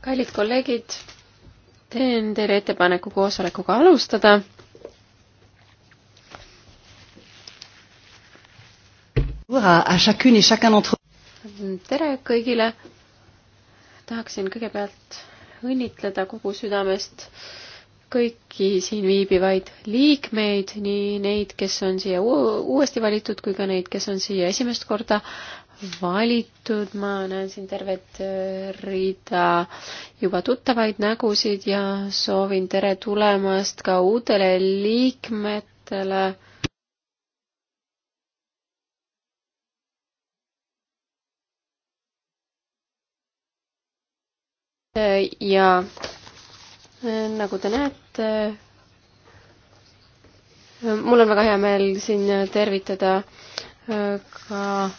kallid kolleegid, teen teile ettepaneku koosolekuga alustada. tere kõigile. tahaksin kõigepealt õnnitleda kogu südamest kõiki siin viibivaid liikmeid, nii neid, kes on siia uuesti valitud, kui ka neid, kes on siia esimest korda valitud, ma näen siin tervet äh, rida juba tuttavaid nägusid ja soovin tere tulemast ka uutele liikmetele. ja äh, nagu te näete, mul on väga hea meel siin tervitada äh, ka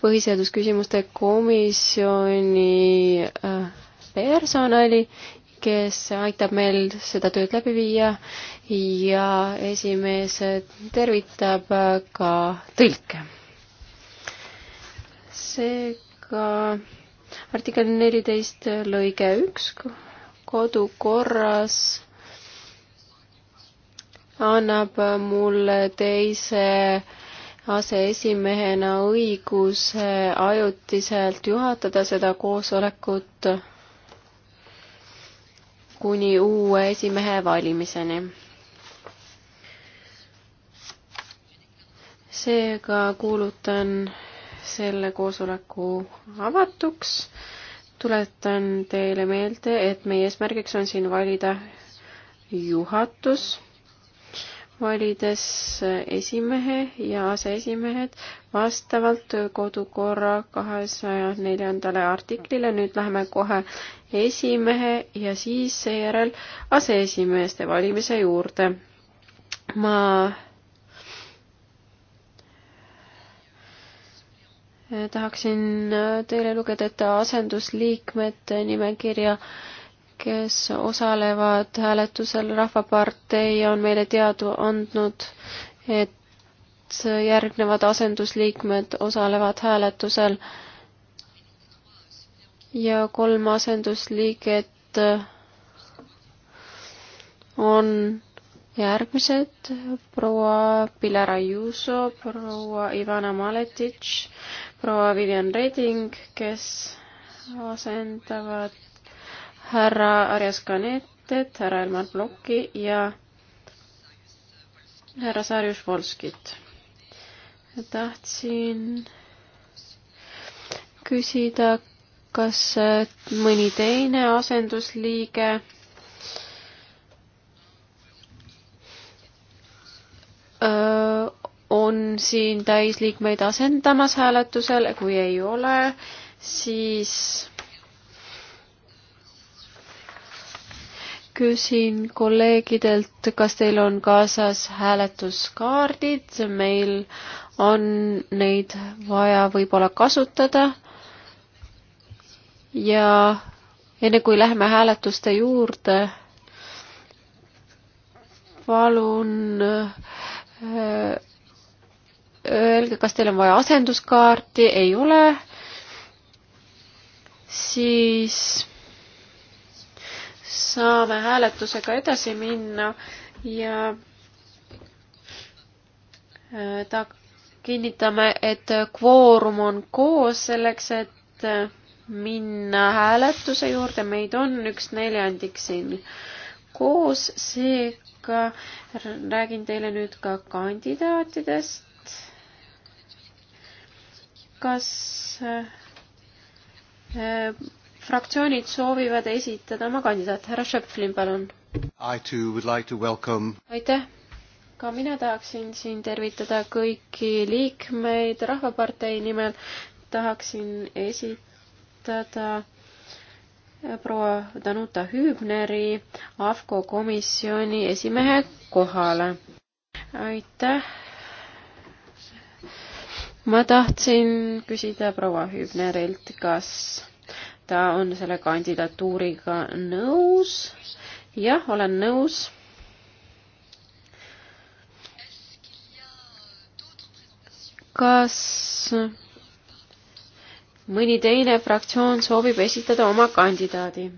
põhiseadusküsimuste komisjoni äh, personali, kes aitab meil seda tööd läbi viia ja esimees tervitab äh, ka tõlke. seega artikkel neliteist lõige üks kodukorras annab mulle teise äh, aseesimehena õiguse ajutiselt juhatada seda koosolekut kuni uue esimehe valimiseni. seega kuulutan selle koosoleku avatuks. tuletan teile meelde, et meie eesmärgiks on siin valida juhatus valides esimehe ja aseesimehed vastavalt kodukorra kahesaja neljandale artiklile. nüüd läheme kohe esimehe ja siis seejärel aseesimeeste valimise juurde. ma tahaksin teile lugeda ette asendusliikmete nimekirja äh, kes osalevad hääletusel. rahvapartei on meile teadu andnud, et järgnevad asendusliikmed osalevad hääletusel ja kolm asendusliiget on järgmised proua Pilar Ajuso, proua Ivana Maletitš, proua Vivian Reding, kes asendavad härra Arias Kanetet, härra Elmar Plokki ja härra Sarjus Volskit. tahtsin küsida, kas äh, mõni teine asendusliige öö, äh, on siin täisliikmeid asendamas hääletusel, kui ei ole, siis küsin kolleegidelt, kas teil on kaasas hääletuskaardid, meil on neid vaja võib-olla kasutada. ja enne kui läheme hääletuste juurde, palun äh, öelge, kas teil on vaja asenduskaarti, ei ole, siis saame hääletusega edasi minna ja äh, ta kinnitame, et kvoorum on koos selleks, et äh, minna hääletuse juurde, meid on üks neljandik siin koos, seega räägin teile nüüd ka kandidaatidest. kas äh, fraktsioonid soovivad esitada oma kandidaat, härra Schöpflin, palun. Like aitäh, ka mina tahaksin siin tervitada kõiki liikmeid Rahvapartei nimel. tahaksin esitada äh, proua Danuta Hübneri AFCO komisjoni esimehe kohale. aitäh. ma tahtsin küsida proua Hübnerilt, kas ta on selle kandidatuuriga nõus. jah, olen nõus. kas mõni teine fraktsioon soovib esitada oma kandidaadi?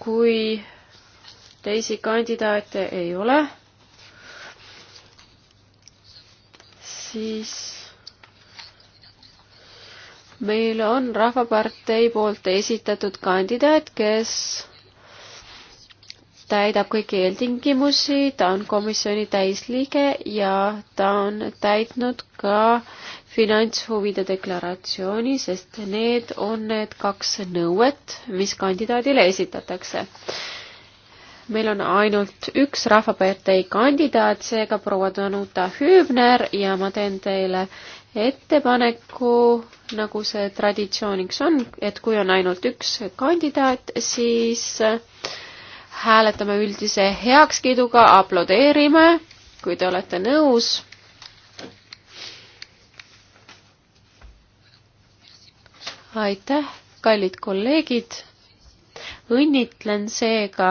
kui teisi kandidaate ei ole, siis meil on Rahvapartei poolt esitatud kandidaat, kes täidab kõiki eeltingimusi, ta on komisjoni täisliige ja ta on täitnud ka finantshuvide deklaratsiooni, sest need on need kaks nõuet, mis kandidaadile esitatakse. meil on ainult üks Rahvapartei kandidaat, seega proua Danuta Hübner ja ma teen teile äh, ettepaneku, nagu see traditsiooniks on, et kui on ainult üks kandidaat, siis hääletame üldise heakskiiduga, aplodeerime, kui te olete nõus. aitäh, kallid kolleegid. õnnitlen seega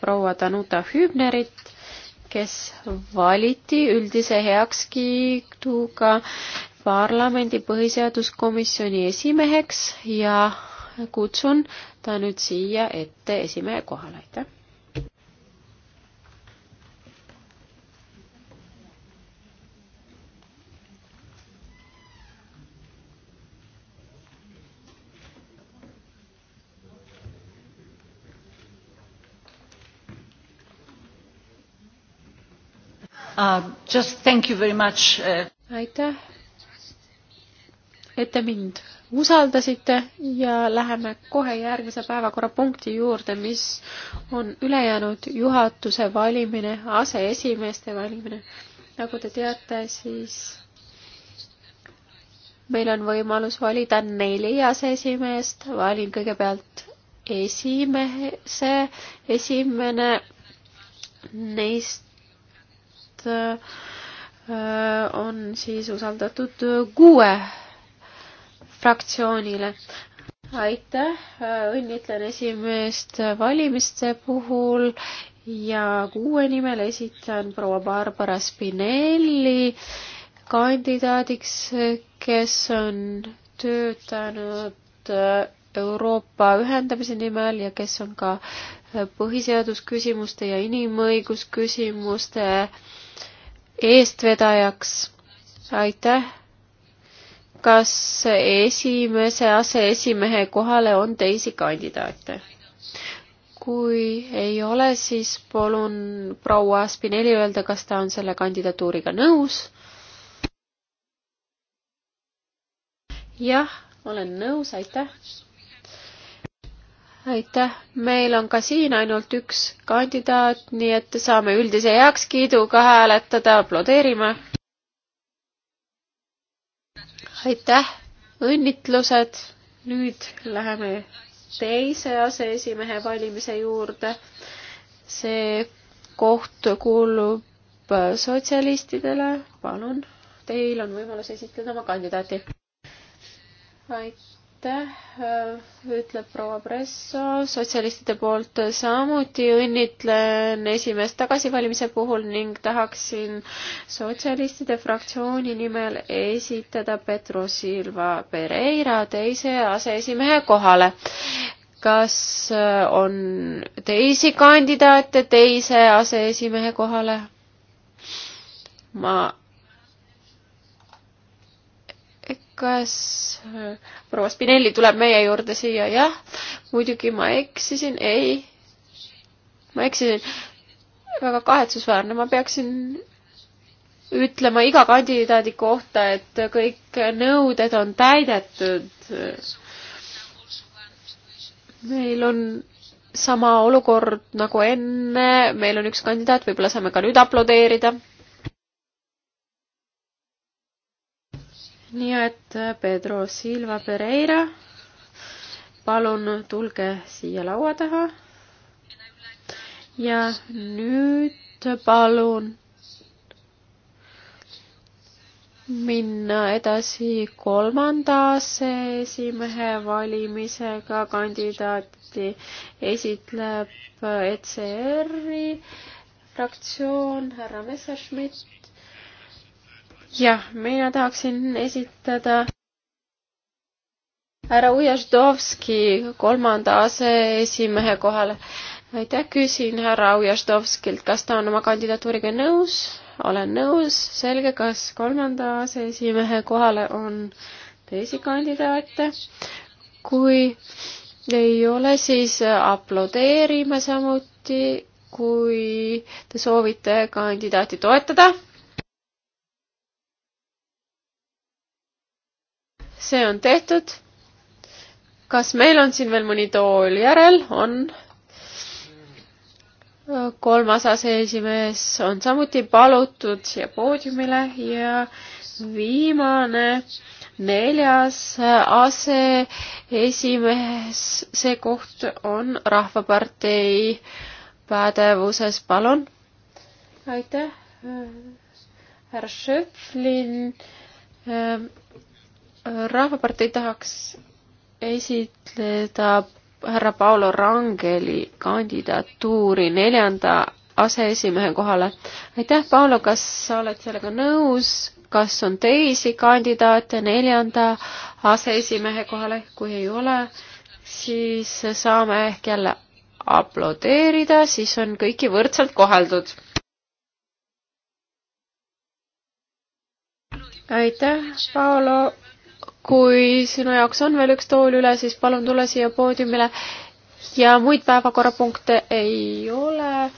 proua Danuta Hübnerit kes valiti üldise heakskiiduga parlamendi põhiseaduskomisjoni esimeheks ja kutsun ta nüüd siia ette esimehe kohale, aitäh! Uh, just thank you very much uh... aitäh et te mind usaldasite ja läheme kohe järgmise päevakorrapunkti juurde, mis on ülejäänud juhatuse valimine, aseesimeeste valimine. nagu te teate, siis meil on võimalus valida neli aseesimeest, valin kõigepealt esimese, esimene neist äh, on siis usaldatud kuue fraktsioonile. aitäh, õnnitlen esimeest valimiste puhul ja kuue nimel esitan proua Barbara Spinelli kandidaadiks, kes on töötanud Euroopa ühendamise nimel ja kes on ka põhiseadusküsimuste ja inimõigusküsimuste eestvedajaks. aitäh kas esimese aseesimehe kohale on teisi kandidaate? kui ei ole, siis palun proua Spinelli öelda, kas ta on selle kandidatuuriga nõus. jah, olen nõus, aitäh. aitäh, meil on ka siin ainult üks kandidaat, nii et saame üldise heakskiiduga hääletada, aplodeerime aitäh, õnnitlused. nüüd läheme teise aseesimehe valimise juurde. see koht kuulub sotsialistidele. palun, teil on võimalus esitleda oma kandidaati. aitäh aitäh, äh, ütleb proua Presso sotsialistide poolt samuti õnnitlen esimest tagasivalimise puhul ning tahaksin sotsialistide fraktsiooni nimel esitada Petro Silva Pereira teise aseesimehe kohale. kas äh, on teisi kandidaate teise aseesimehe kohale? ma kas Äh, proua Spinelli tuleb meie juurde siia, jah. muidugi ma eksisin, ei. ma eksisin. väga kahetsusväärne, ma peaksin ütlema iga kandidaadi kohta, et kõik nõuded on täidetud. meil on sama olukord nagu enne, meil on üks kandidaat, võib-olla saame ka nüüd aplodeerida nii et äh, Pedro Silva Pereira, palun tulge siia laua taha. ja nüüd palun minna edasi kolmanda aseesimehe valimisega. kandidaati esitleb ECR-i fraktsioon härra Messerschmidt jah, mina tahaksin esitada härra Ujazdovski kolmanda aseesimehe kohale. aitäh, küsin härra Ujazdovskilt, kas ta on oma kandidatuuriga nõus? olen nõus, selge, kas kolmanda aseesimehe kohale on teisi kandidaate? kui ei ole, siis aplodeerime samuti, kui te soovite kandidaati toetada see on tehtud. kas meil on siin veel mõni tool järel? on. kolmas aseesimees on samuti palutud siia poodiumile ja viimane neljas aseesimees, see koht on Rahvapartei pädevuses, palun. aitäh, härra Schöpflin rahvapartei tahaks esitleda härra Paolo Rangeli kandidatuuri neljanda aseesimehe kohale. aitäh, Paolo, kas sa oled sellega nõus? kas on teisi kandidaate neljanda aseesimehe kohale, kui ei ole, siis saame ehk jälle aplodeerida, siis on kõiki võrdselt koheldud. aitäh, Paolo, kui sinu jaoks on veel üks tool üle, siis palun tule siia poodiumile ja muid päevakorrapunkte ei ole.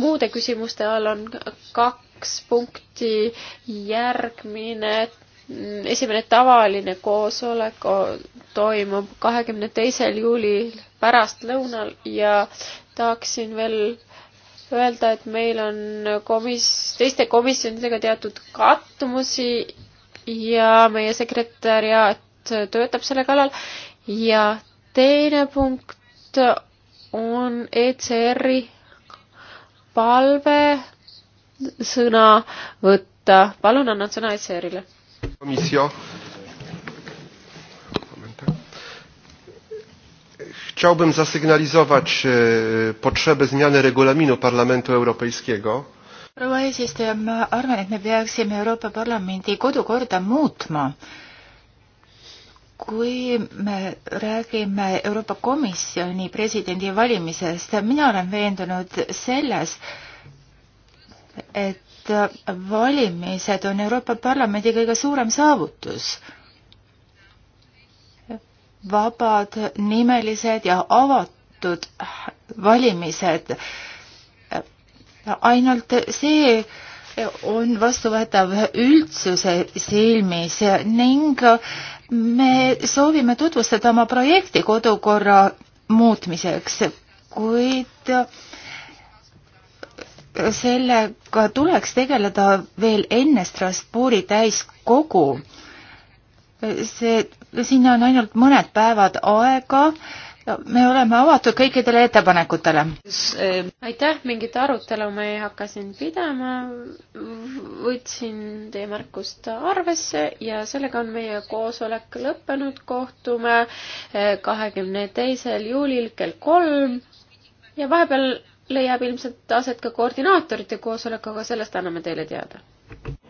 muude küsimuste all on kaks punkti järgmine. esimene tavaline koosolek toimub kahekümne teisel juulil pärastlõunal ja tahaksin veel öelda, et meil on komis-, teiste komisjonidega teatud kattumusi ja meie sekretäriaat töötab selle kallal ja teine punkt on ECR-i palve sõna võtta. palun annan sõna ECR-ile. komisjon. Chciałbym zasygnalizować e, potrzebę zmiany regulaminu Parlamentu Europejskiego proua eesistuja, ma arvan, et me peaksime Euroopa Parlamendi kodukorda muutma. kui me räägime Euroopa Komisjoni presidendi valimisest, mina olen veendunud selles, et valimised on Euroopa Parlamendi kõige suurem saavutus vabad, nimelised ja avatud valimised ainult see on vastuvõetav üldsuse silmis ning me soovime tutvustada oma projekti kodukorra muutmiseks, kuid sellega tuleks tegeleda veel enne Strasbourgi täiskogu. see, sinna on ainult mõned päevad aega me oleme avatud kõikidele ettepanekutele. Eh, aitäh, mingit arutelu me ei hakka siin pidama. võtsin teie märkust arvesse ja sellega on meie koosolek lõppenud. kohtume eh, kahekümne teisel juulil kell kolm ja vahepeal leiab ilmselt aset ka koordinaatorite koosolek, aga sellest anname teile teada.